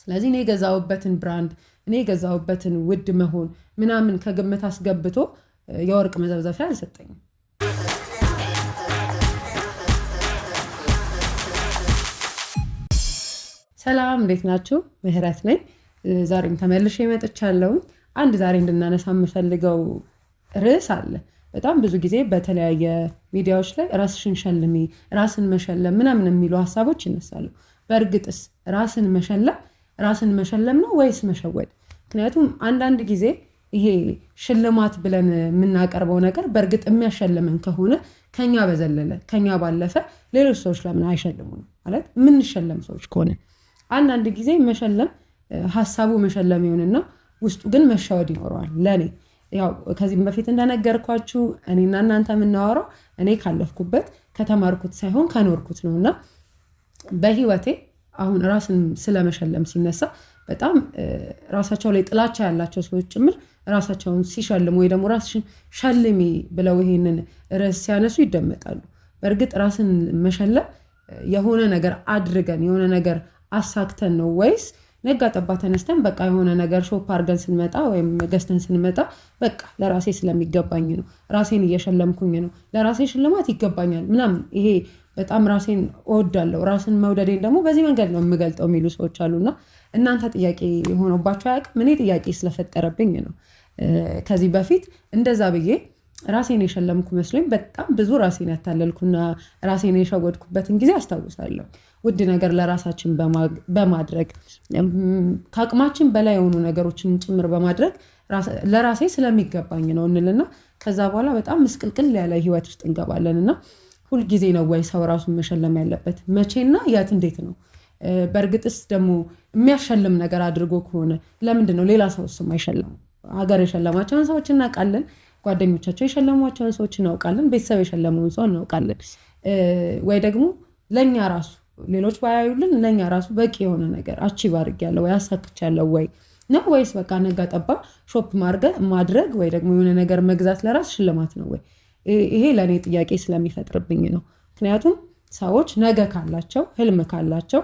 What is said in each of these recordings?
ስለዚህ እኔ የገዛውበትን ብራንድ እኔ የገዛውበትን ውድ መሆን ምናምን ከግምት አስገብቶ የወርቅ መዘብዘፊያ አልሰጠኝም። ሰላም እንዴት ናችሁ? ምህረት ነኝ። ዛሬም ተመልሼ መጥቻለሁ። አንድ ዛሬ እንድናነሳ የምፈልገው ርዕስ አለ። በጣም ብዙ ጊዜ በተለያየ ሚዲያዎች ላይ ራስሽን ሸልሚ፣ ራስን መሸለም ምናምን የሚሉ ሀሳቦች ይነሳሉ። በእርግጥስ ራስን መሸለም ራስን መሸለም ነው ወይስ መሸወድ? ምክንያቱም አንዳንድ ጊዜ ይሄ ሽልማት ብለን የምናቀርበው ነገር በእርግጥ የሚያሸልመን ከሆነ ከኛ በዘለለ ከኛ ባለፈ ሌሎች ሰዎች ለምን አይሸልሙንም? ማለት የምንሸለም ሰዎች ከሆነ አንዳንድ ጊዜ መሸለም ሀሳቡ መሸለም ይሆንና ውስጡ ግን መሸወድ ይኖረዋል ለእኔ ያው ከዚህም በፊት እንደነገርኳችሁ እኔና እናንተ የምናወራው እኔ ካለፍኩበት ከተማርኩት ሳይሆን ከኖርኩት ነው እና በህይወቴ አሁን ራስን ስለመሸለም ሲነሳ በጣም ራሳቸው ላይ ጥላቻ ያላቸው ሰዎች ጭምር ራሳቸውን ሲሸልሙ ወይ ደግሞ ራስሽን ሸልሚ ብለው ይሄንን ርዕስ ሲያነሱ ይደመጣሉ። በእርግጥ ራስን መሸለም የሆነ ነገር አድርገን የሆነ ነገር አሳክተን ነው ወይስ ነጋ ጠባ ተነስተን በቃ የሆነ ነገር ሾፕ አድርገን ስንመጣ ወይም ገዝተን ስንመጣ በቃ ለራሴ ስለሚገባኝ ነው፣ ራሴን እየሸለምኩኝ ነው፣ ለራሴ ሽልማት ይገባኛል ምናምን ይሄ በጣም ራሴን እወዳለሁ። ራስን መውደዴን ደግሞ በዚህ መንገድ ነው የምገልጠው የሚሉ ሰዎች አሉና እናንተ ጥያቄ የሆነባቸው አያውቅም። እኔ ጥያቄ ስለፈጠረብኝ ነው። ከዚህ በፊት እንደዛ ብዬ ራሴን የሸለምኩ መስሎኝ በጣም ብዙ ራሴን ያታለልኩና ራሴን የሸወድኩበትን ጊዜ አስታውሳለሁ። ውድ ነገር ለራሳችን በማድረግ ከአቅማችን በላይ የሆኑ ነገሮችን ጭምር በማድረግ ለራሴ ስለሚገባኝ ነው እንልና ከዛ በኋላ በጣም ምስቅልቅል ያለ ህይወት ውስጥ እንገባለን እና ሁልጊዜ ነው ወይ ሰው ራሱን መሸለም ያለበት? መቼና የት እንዴት ነው? በእርግጥስ ደግሞ የሚያሸልም ነገር አድርጎ ከሆነ ለምንድን ነው ሌላ ሰው እሱም አይሸለም? ሀገር የሸለማቸውን ሰዎች እናውቃለን። ጓደኞቻቸው የሸለሟቸውን ሰዎች እናውቃለን፣ ቤተሰብ የሸለመውን ሰው እናውቃለን። ወይ ደግሞ ለእኛ ራሱ ሌሎች ባያዩልን ለእኛ ራሱ በቂ የሆነ ነገር አቺቭ አድርጌያለሁ ወይ አሳክቻለሁ ወይ ነው ወይስ በቃ ነጋ ጠባ ሾፕ ማድረግ ወይ ደግሞ የሆነ ነገር መግዛት ለራስ ሽልማት ነው ወይ? ይሄ ለእኔ ጥያቄ ስለሚፈጥርብኝ ነው። ምክንያቱም ሰዎች ነገ ካላቸው ህልም ካላቸው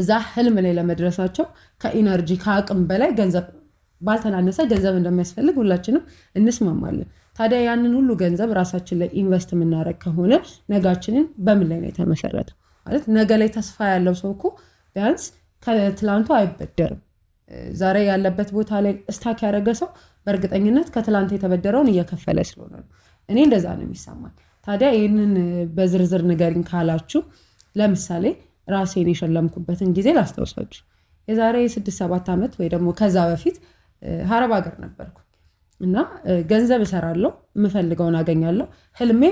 እዛ ህልም ላይ ለመድረሳቸው ከኢነርጂ ከአቅም በላይ ገንዘብ ባልተናነሰ ገንዘብ እንደሚያስፈልግ ሁላችንም እንስማማለን። ታዲያ ያንን ሁሉ ገንዘብ ራሳችን ላይ ኢንቨስት የምናደረግ ከሆነ ነጋችንን በምን ላይ ነው የተመሰረተው? ማለት ነገ ላይ ተስፋ ያለው ሰው እኮ ቢያንስ ከትላንቱ አይበደርም። ዛሬ ያለበት ቦታ ላይ እስታክ ያደረገ ሰው በእርግጠኝነት ከትላንት የተበደረውን እየከፈለ ስለሆነ ነው። እኔ እንደዛ ነው የሚሰማኝ። ታዲያ ይህንን በዝርዝር ንገሪኝ ካላችሁ ለምሳሌ ራሴን የሸለምኩበትን ጊዜ ላስታውሳችሁ። የዛሬ ስድስት ሰባት ዓመት ወይ ደግሞ ከዛ በፊት ሀረብ ሀገር ነበርኩ እና ገንዘብ እሰራለሁ፣ የምፈልገውን አገኛለሁ። ህልሜ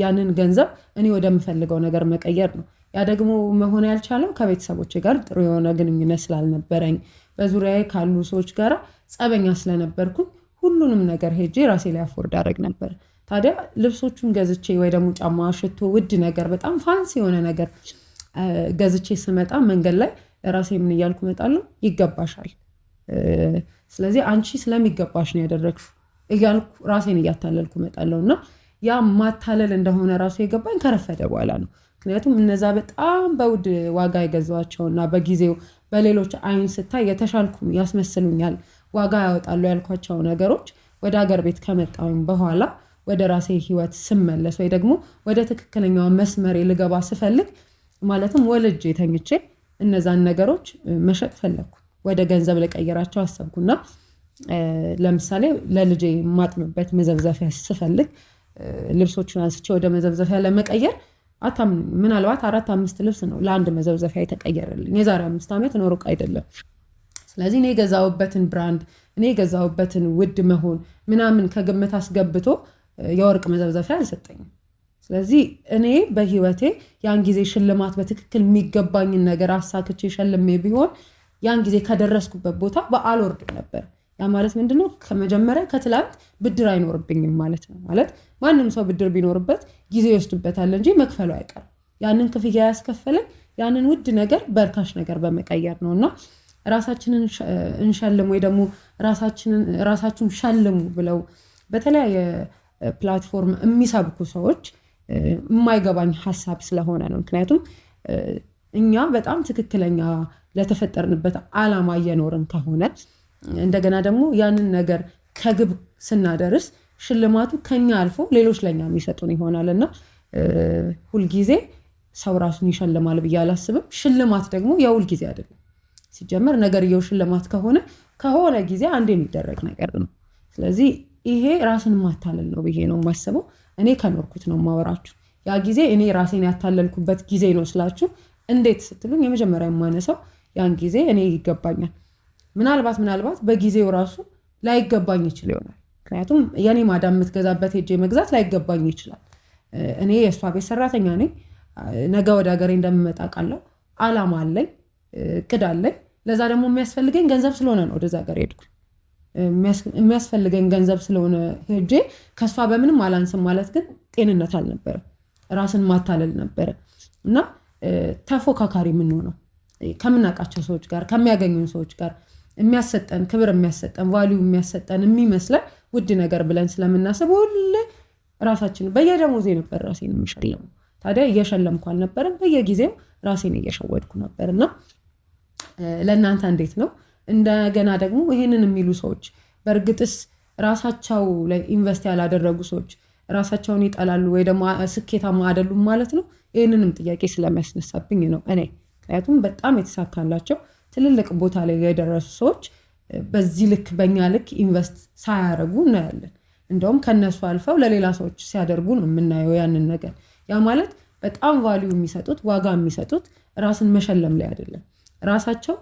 ያንን ገንዘብ እኔ ወደምፈልገው ነገር መቀየር ነው። ያ ደግሞ መሆን ያልቻለው ከቤተሰቦች ጋር ጥሩ የሆነ ግንኙነት ስላልነበረኝ በዙሪያዬ ካሉ ሰዎች ጋር ጸበኛ ስለነበርኩኝ ሁሉንም ነገር ሄጄ ራሴ ላይ አፎርድ አደረግ ነበር። ታዲያ ልብሶቹን ገዝቼ ወይ ደግሞ ጫማ፣ ሽቶ፣ ውድ ነገር በጣም ፋንስ የሆነ ነገር ገዝቼ ስመጣ መንገድ ላይ ራሴ ምን እያልኩ እመጣለሁ ይገባሻል ስለዚህ አንቺ ስለሚገባሽ ነው ያደረግሽው እያልኩ ራሴን እያታለልኩ እመጣለሁ እና ያ ማታለል እንደሆነ ራሱ የገባኝ ከረፈደ በኋላ ነው። ምክንያቱም እነዛ በጣም በውድ ዋጋ እና በጊዜው በሌሎች አይን ስታይ የተሻልኩ ያስመስሉኛል፣ ዋጋ ያወጣሉ ያልኳቸው ነገሮች ወደ ሀገር ቤት ከመጣሁኝ በኋላ ወደ ራሴ ህይወት ስመለስ ወይ ደግሞ ወደ ትክክለኛው መስመሬ ልገባ ስፈልግ ማለትም ወልጄ ተኝቼ እነዛን ነገሮች መሸጥ ፈለግኩ። ወደ ገንዘብ ለቀየራቸው አሰብኩና ለምሳሌ ለልጄ የማጥምበት መዘብዘፊያ ስፈልግ ልብሶቹን አንስቼ ወደ መዘብዘፊያ ለመቀየር ምናልባት አራት አምስት ልብስ ነው ለአንድ መዘብዘፊያ የተቀየረልኝ። የዛሬ አምስት ዓመት ነው አይደለም። ስለዚህ እኔ የገዛውበትን ብራንድ እኔ የገዛውበትን ውድ መሆን ምናምን ከግምት አስገብቶ የወርቅ መዘብዘፊያ አልሰጠኝም። ስለዚህ እኔ በህይወቴ ያን ጊዜ ሽልማት በትክክል የሚገባኝን ነገር አሳክቼ ሸልሜ ቢሆን ያን ጊዜ ከደረስኩበት ቦታ በአልወርድም ነበር። ያ ማለት ምንድነው? ከመጀመሪያ ከትላንት ብድር አይኖርብኝም ማለት ነው። ማለት ማንም ሰው ብድር ቢኖርበት ጊዜ ይወስድበታል እንጂ መክፈሉ አይቀርም። ያንን ክፍያ ያስከፈለኝ ያንን ውድ ነገር በርካሽ ነገር በመቀየር ነው እና ራሳችንን እንሸልም ወይ ደግሞ ራሳችሁን ሸልሙ ብለው በተለያየ ፕላትፎርም የሚሰብኩ ሰዎች የማይገባኝ ሀሳብ ስለሆነ ነው። ምክንያቱም እኛ በጣም ትክክለኛ ለተፈጠርንበት ዓላማ እየኖርን ከሆነ እንደገና ደግሞ ያንን ነገር ከግብ ስናደርስ ሽልማቱ ከኛ አልፎ ሌሎች ለኛ የሚሰጡን ይሆናል እና ሁልጊዜ ሰው ራሱን ይሸልማል ብዬ አላስብም። ሽልማት ደግሞ የሁል ጊዜ አይደለም። ሲጀመር ነገርየው ሽልማት ከሆነ ከሆነ ጊዜ አንድ የሚደረግ ነገር ነው። ስለዚህ ይሄ ራስን ማታለል ነው ብዬ ነው የማስበው። እኔ ከኖርኩት ነው የማወራችሁ። ያ ጊዜ እኔ ራሴን ያታለልኩበት ጊዜ ነው ስላችሁ እንዴት ስትሉኝ የመጀመሪያ የማነሳው ያን ጊዜ እኔ ይገባኛል። ምናልባት ምናልባት በጊዜው ራሱ ላይገባኝ ይችል ይሆናል። ምክንያቱም የኔ ማዳም የምትገዛበት ሄጄ መግዛት ላይገባኝ ይችላል። እኔ የእሷ ቤት ሰራተኛ ነኝ። ነገ ወደ ሀገሬ እንደምመጣ ቃለው አላማ አለኝ፣ እቅድ አለኝ። ለዛ ደግሞ የሚያስፈልገኝ ገንዘብ ስለሆነ ነው ወደዛ ሀገር ሄድኩ። የሚያስፈልገኝ ገንዘብ ስለሆነ ሄጄ ከእሷ በምንም አላንስም ማለት ግን ጤንነት አልነበረም፣ ራስን ማታለል ነበረ እና ተፎካካሪ የምንሆነው ከምናውቃቸው ሰዎች ጋር ከሚያገኙን ሰዎች ጋር የሚያሰጠን ክብር የሚያሰጠን ቫሊዩ የሚያሰጠን የሚመስለን ውድ ነገር ብለን ስለምናስብ ሁሌ ራሳችን በየደሞዜ ነበር ራሴን የሚሸለሙ። ታዲያ እየሸለምኩ አልነበረም፣ በየጊዜው ራሴን እየሸወድኩ ነበር። እና ለእናንተ እንዴት ነው? እንደገና ደግሞ ይህንን የሚሉ ሰዎች በእርግጥስ ራሳቸው ላይ ኢንቨስት ያላደረጉ ሰዎች ራሳቸውን ይጠላሉ ወይ ደግሞ ስኬታማ አይደሉም ማለት ነው። ይህንንም ጥያቄ ስለሚያስነሳብኝ ነው እኔ ምክንያቱም በጣም የተሳካላቸው ትልልቅ ቦታ ላይ የደረሱ ሰዎች በዚህ ልክ በእኛ ልክ ኢንቨስት ሳያደርጉ እናያለን። እንደውም ከነሱ አልፈው ለሌላ ሰዎች ሲያደርጉ ነው የምናየው ያንን ነገር። ያ ማለት በጣም ቫሊዩ የሚሰጡት ዋጋ የሚሰጡት ራስን መሸለም ላይ አይደለም፣ ራሳቸው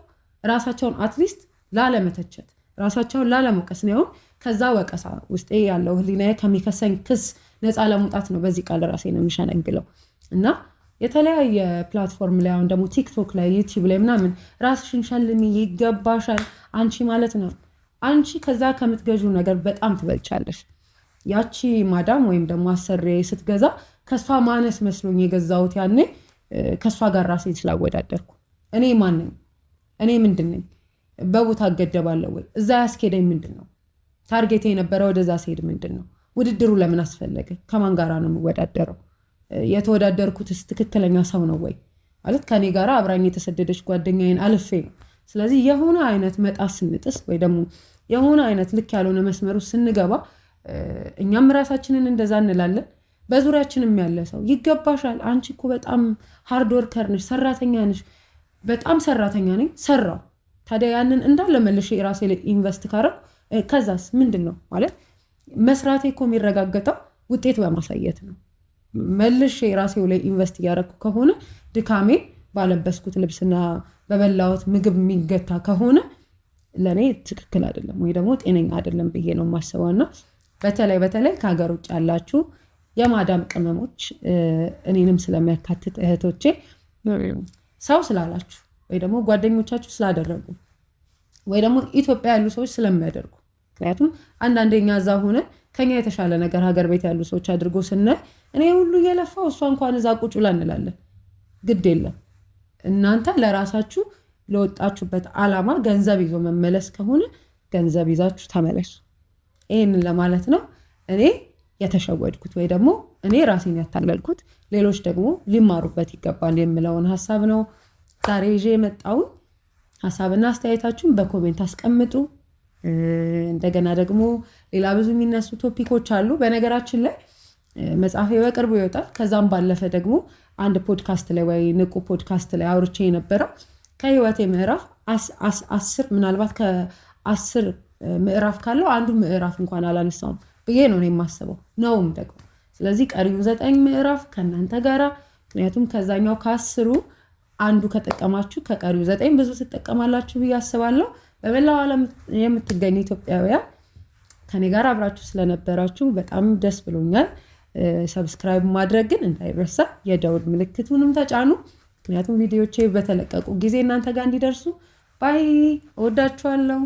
ራሳቸውን አትሊስት ላለመተቸት ራሳቸውን ላለመውቀስ ነው። ከዛ ወቀሳ ውስጤ ያለው ህሊናዬ ከሚከሰኝ ክስ ነፃ ለመውጣት ነው በዚህ ቃል ራሴ ነው የሚሸነግለው እና የተለያየ ፕላትፎርም ላይ አሁን ደግሞ ቲክቶክ ላይ ዩቲዩብ ላይ ምናምን ራስሽን ሸልሚ ይገባሻል፣ አንቺ ማለት ነው አንቺ ከዛ ከምትገዡ ነገር በጣም ትበልቻለሽ። ያቺ ማዳም ወይም ደግሞ አሰሬ ስትገዛ ከእሷ ማነስ መስሎኝ የገዛሁት ያኔ ከእሷ ጋር ራሴን ስላወዳደርኩ እኔ ማንም እኔ ምንድን ነኝ? በቦታ እገደባለሁ ወይ? እዛ ያስኬደኝ ምንድን ነው? ታርጌት የነበረ ወደዛ ሲሄድ ምንድን ነው ውድድሩ ለምን አስፈለገ? ከማን ጋራ ነው የምወዳደረው? የተወዳደርኩትስ ትክክለኛ ሰው ነው ወይ ማለት ከኔ ጋራ አብራኝ የተሰደደች ጓደኛዬን አልፌ ነው። ስለዚህ የሆነ አይነት መጣ ስንጥስ ወይ ደግሞ የሆነ አይነት ልክ ያልሆነ መስመሩ ስንገባ እኛም ራሳችንን እንደዛ እንላለን። በዙሪያችንም ያለ ሰው ይገባሻል፣ አንቺ እኮ በጣም ሃርድ ወርከር ነሽ፣ ሰራተኛ ነሽ። በጣም ሰራተኛ ነኝ ሰራው። ታዲያ ያንን እንዳለ መልሼ ራሴ ኢንቨስት ካረግ ከዛስ ምንድን ነው ማለት መስራቴ እኮ የሚረጋገጠው ውጤት በማሳየት ነው። መልሼ ራሴው ላይ ኢንቨስት እያደረግኩ ከሆነ ድካሜ ባለበስኩት ልብስና በበላሁት ምግብ የሚገታ ከሆነ ለእኔ ትክክል አይደለም ወይ ደግሞ ጤነኛ አይደለም ብዬ ነው የማስበው። በተለይ በተለይ ከሀገር ውጭ ያላችሁ የማዳም ቅመሞች እኔንም ስለሚያካትት እህቶቼ ሰው ስላላችሁ ወይ ደግሞ ጓደኞቻችሁ ስላደረጉ ወይ ደግሞ ኢትዮጵያ ያሉ ሰዎች ስለሚያደርጉ ምክንያቱም አንዳንደኛ እዛ ሆነ ከኛ የተሻለ ነገር ሀገር ቤት ያሉ ሰዎች አድርጎ ስናይ እኔ ሁሉ እየለፋው እሷ እንኳን እዛ ቁጭ ብላ እንላለን። ግድ የለም እናንተ ለራሳችሁ ለወጣችሁበት አላማ ገንዘብ ይዞ መመለስ ከሆነ ገንዘብ ይዛችሁ ተመለሱ። ይህንን ለማለት ነው እኔ የተሸወድኩት ወይ ደግሞ እኔ ራሴን ያታለልኩት ሌሎች ደግሞ ሊማሩበት ይገባል የምለውን ሀሳብ ነው ዛሬ ይዤ የመጣውን። ሀሳብና አስተያየታችሁን በኮሜንት አስቀምጡ። እንደገና ደግሞ ሌላ ብዙ የሚነሱ ቶፒኮች አሉ። በነገራችን ላይ መጽሐፍ በቅርቡ ይወጣል። ከዛም ባለፈ ደግሞ አንድ ፖድካስት ላይ ወይ ንቁ ፖድካስት ላይ አውርቼ የነበረው ከህይወቴ ምዕራፍ አስር ምናልባት ከአስር ምዕራፍ ካለው አንዱ ምዕራፍ እንኳን አላነሳውም ብዬ ነው የማስበው ነውም ደግሞ። ስለዚህ ቀሪው ዘጠኝ ምዕራፍ ከእናንተ ጋራ ምክንያቱም ከዛኛው ከአስሩ አንዱ ከጠቀማችሁ ከቀሪው ዘጠኝ ብዙ ትጠቀማላችሁ ብዬ አስባለሁ። በመላው ዓለም የምትገኙ ኢትዮጵያውያን ከኔ ጋር አብራችሁ ስለነበራችሁ በጣም ደስ ብሎኛል። ሰብስክራይብ ማድረግ ግን እንዳይረሳ፣ የደውል ምልክቱንም ተጫኑ። ምክንያቱም ቪዲዮቼ በተለቀቁ ጊዜ እናንተ ጋር እንዲደርሱ። ባይ፣ እወዳችኋለሁ።